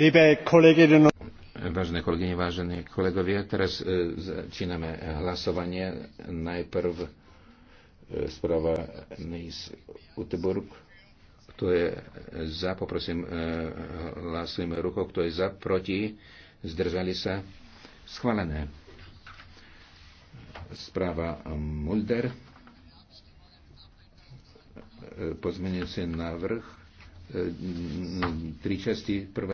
Vážené kolegyne, vážení kolegovia, teraz e, začíname hlasovanie. Najprv e, správa NIS Uteburg. Kto je za, poprosím, e, hlasujeme rukou. Kto je za, proti, zdržali sa. Schválené. Správa Mulder. Pozmenujúci návrh. tri časti. Prvá